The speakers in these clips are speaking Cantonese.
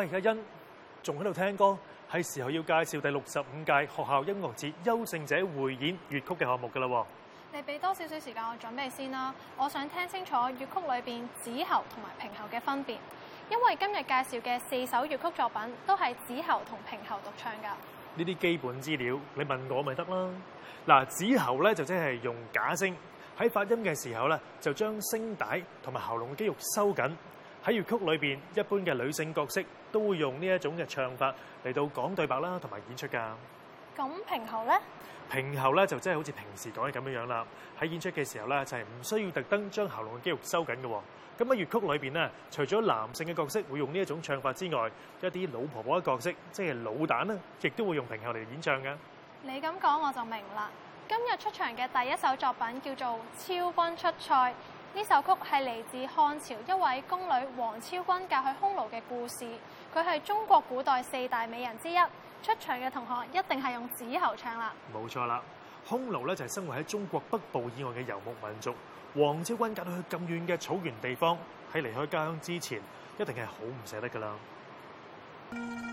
阿欣仲喺度聽歌，係時候要介紹第六十五屆學校音樂節優勝者匯演粵曲嘅項目噶啦。你俾多少少時間我準備先啦。我想聽清楚粵曲裏面子喉同埋平喉嘅分別，因為今日介紹嘅四首粵曲作品都係子喉同平喉獨唱噶。呢啲基本資料你問我咪得囉。嗱，子喉咧就即係用假聲，喺發音嘅時候咧就將聲帶同埋喉嚨嘅肌肉收緊。喺粵曲裏邊，一般嘅女性角色都會用呢一種嘅唱法嚟到講對白啦，同埋演出噶。咁平喉咧？平喉咧就真係好似平時講嘅咁樣樣啦。喺演出嘅時候咧，就係唔需要特登將喉嚨嘅肌肉收緊嘅。咁喺粵曲裏邊呢，除咗男性嘅角色會用呢一種唱法之外，一啲老婆婆嘅角色，即係老旦呢，亦都會用平喉嚟演唱噶。你咁講我就明啦。今日出場嘅第一首作品叫做《昭君出塞》。呢首曲係嚟自漢朝一位宮女王昭君嫁去匈奴嘅故事，佢係中國古代四大美人之一。出場嘅同學一定係用子喉唱啦。冇錯啦，匈奴呢就係生活喺中國北部以外嘅遊牧民族。王昭君嫁到去咁遠嘅草原地方，喺離開家鄉之前，一定係好唔捨得噶啦。嗯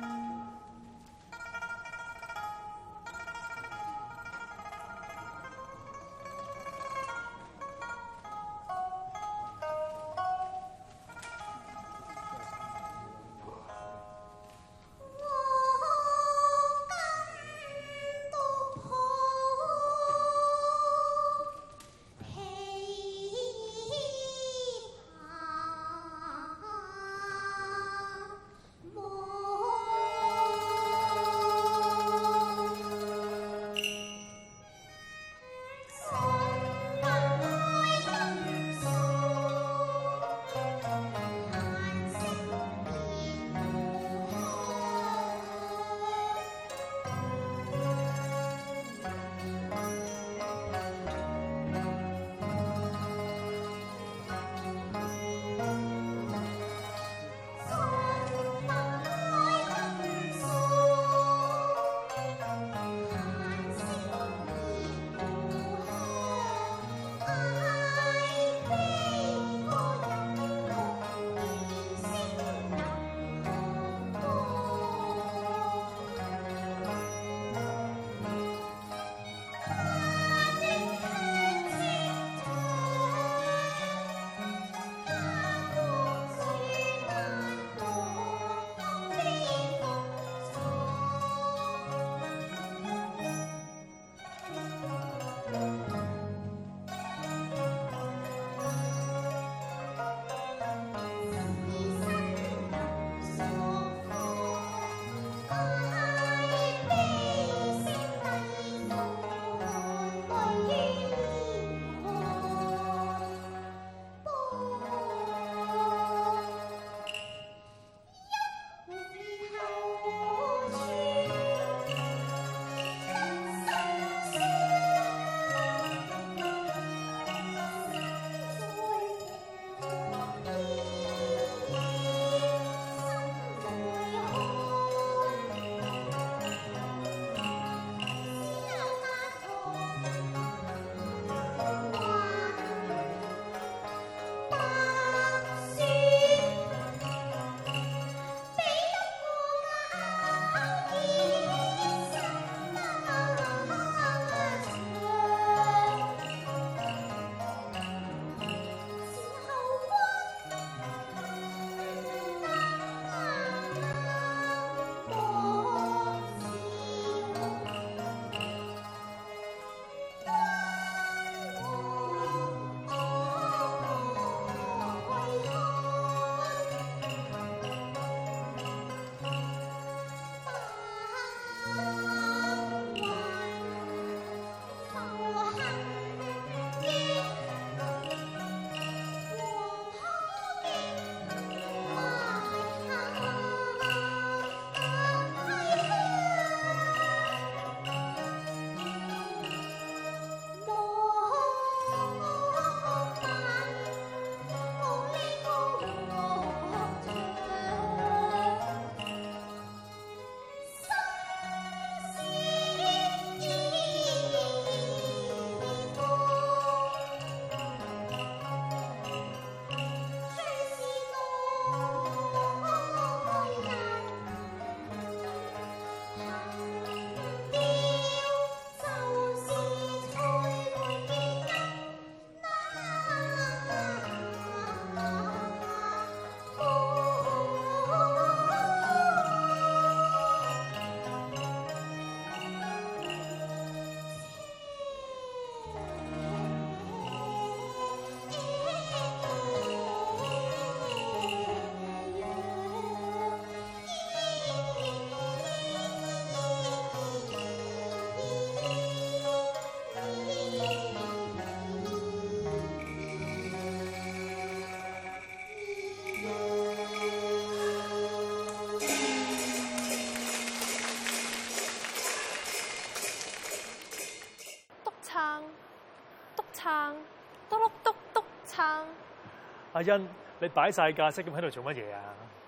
阿欣，你擺晒架式咁喺度做乜嘢啊？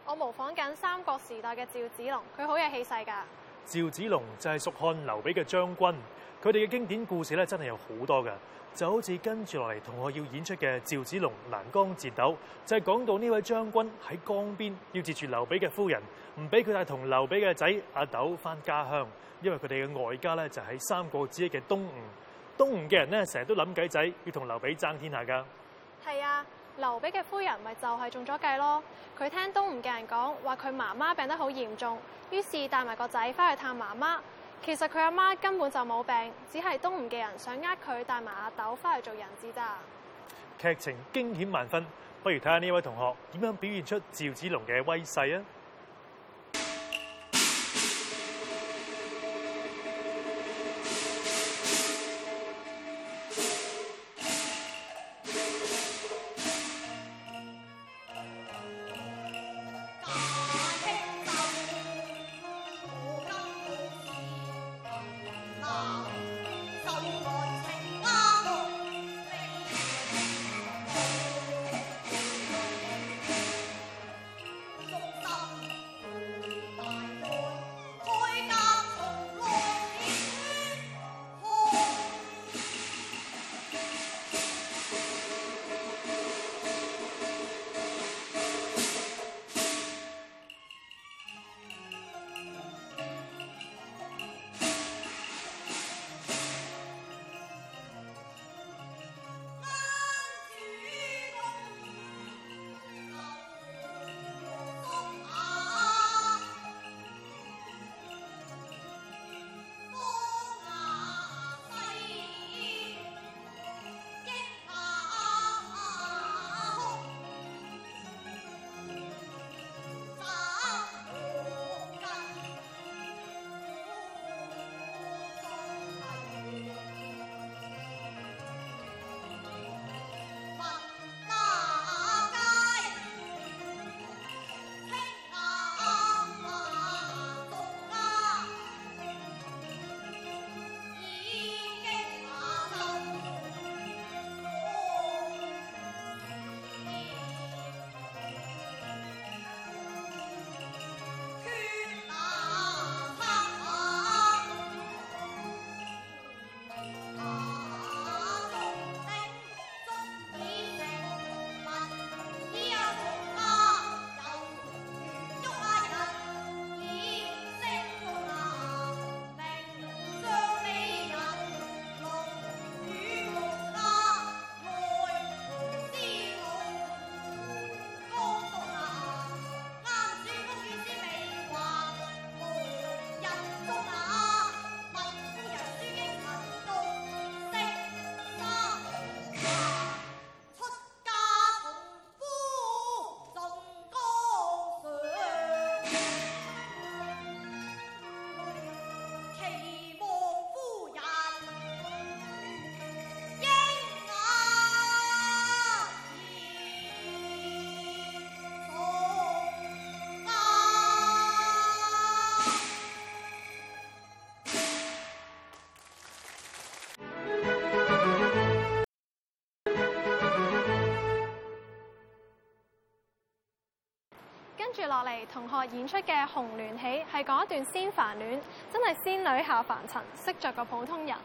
我模仿緊三國時代嘅趙子龍，佢好有氣勢㗎。趙子龍就係蜀漢劉備嘅將軍，佢哋嘅經典故事咧真係有好多㗎，就好似跟住落嚟同我要演出嘅《趙子龍攔江截斗》，就係講到呢位將軍喺江邊要截住劉備嘅夫人，唔俾佢帶同劉備嘅仔阿斗翻家鄉，因為佢哋嘅外家咧就喺三國之一嘅東吳。東吳嘅人咧成日都諗計仔，要同劉備爭天下㗎。係啊。劉備嘅夫人咪就係中咗計咯，佢聽東吳嘅人講，話佢媽媽病得好嚴重，於是帶埋個仔翻去探媽媽。其實佢阿媽，媽根本就冇病，只係東吳嘅人想呃佢帶埋阿斗翻去做人質咋。劇情驚險萬分，不如睇下呢位同學點樣表現出趙子龍嘅威勢啊！同學演出嘅《紅鸞喜》係講一段仙凡戀，真係仙女下凡塵，識着個普通人。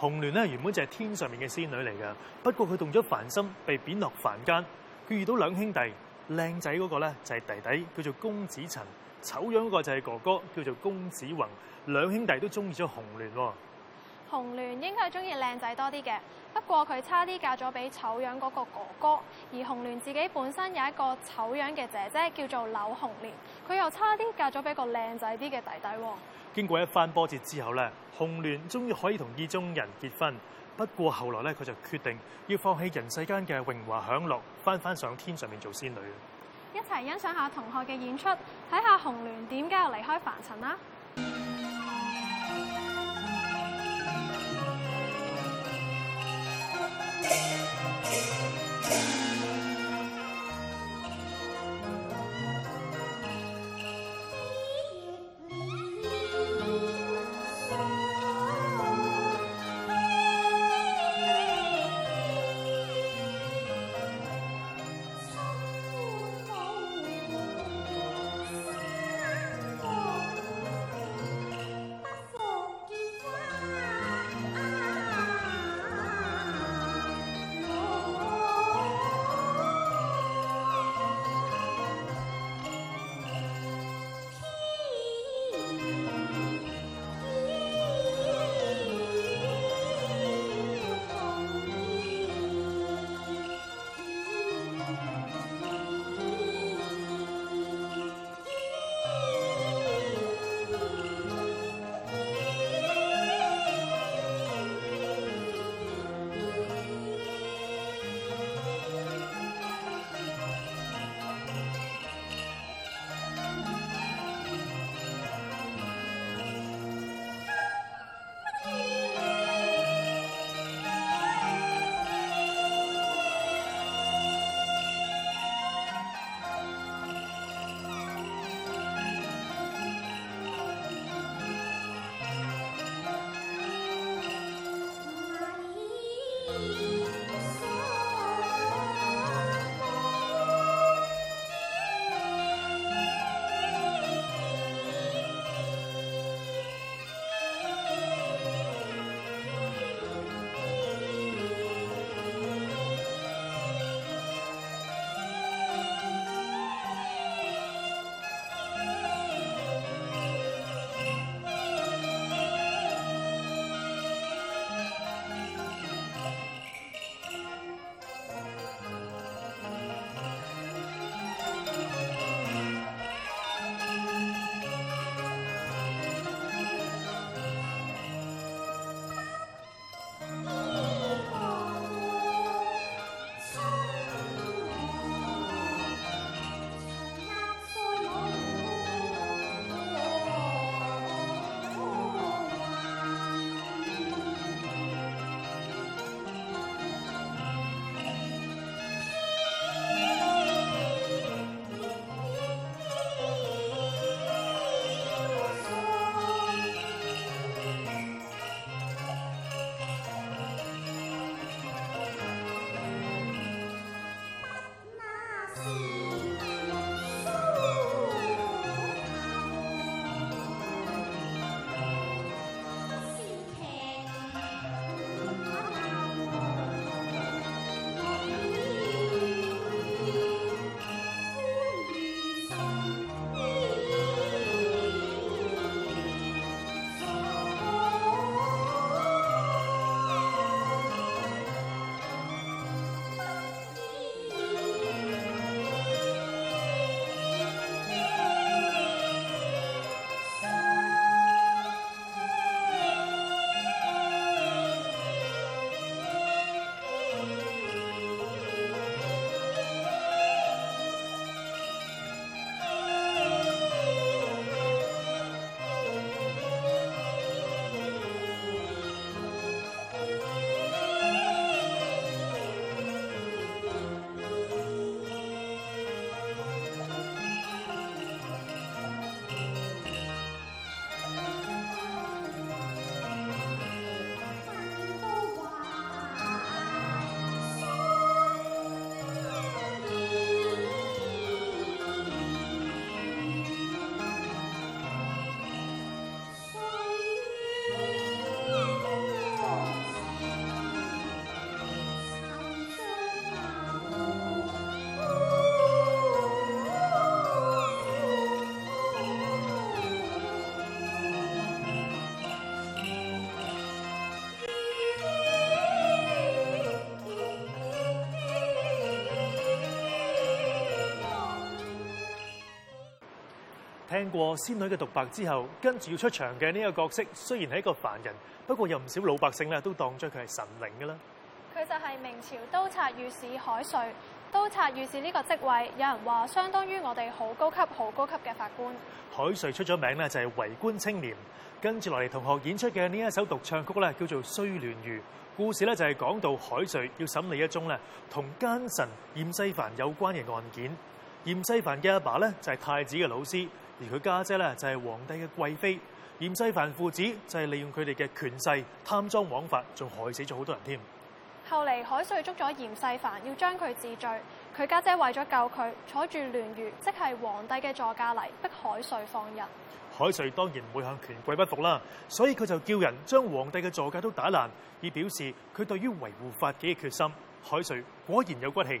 紅鸞呢原本就係天上面嘅仙女嚟噶，不過佢動咗凡心，被貶落凡間。佢遇到兩兄弟，靚仔嗰個咧就係、是、弟弟，叫做公子陳；醜樣嗰個就係哥哥，叫做公子宏。兩兄弟都中意咗紅鸞。紅鸞應該係中意靚仔多啲嘅，不過佢差啲嫁咗俾醜樣嗰個哥哥，而紅鸞自己本身有一個醜樣嘅姐姐，叫做柳紅蓮。佢又差啲嫁咗俾個靚仔啲嘅弟弟喎、哦。經過一番波折之後咧，紅鸞終於可以同意中人結婚。不過後來咧，佢就決定要放棄人世間嘅榮華享樂，返返上天上面做仙女。一齊欣賞下同學嘅演出，睇下紅鸞點解又離開凡塵啦。聽過仙女嘅獨白之後，跟住要出場嘅呢個角色，雖然係一個凡人，不過有唔少老百姓呢都當咗佢係神靈嘅啦。佢就係明朝都察御史海瑞。都察御史呢個職位，有人話相當於我哋好高級、好高級嘅法官。海瑞出咗名呢，就係為官清廉。跟住落嚟，同學演出嘅呢一首獨唱曲呢，叫做《碎鑾輿》。故事呢，就係、是、講到海瑞要審理一宗呢同奸臣嚴世蕃有關嘅案件。嚴世蕃嘅阿爸呢，就係、是、太子嘅老師。而佢家姐咧就係、是、皇帝嘅貴妃，嚴世蕃父子就係利用佢哋嘅權勢貪贓枉法，仲害死咗好多人添。後嚟海瑞捉咗嚴世蕃要將佢治罪。佢家姐，姐為咗救佢，坐住鑾輿，即係皇帝嘅座駕嚟，逼海瑞放人。海瑞當然唔會向權貴不服啦，所以佢就叫人將皇帝嘅座駕都打爛，以表示佢對於維護法紀嘅決心。海瑞果然有骨氣。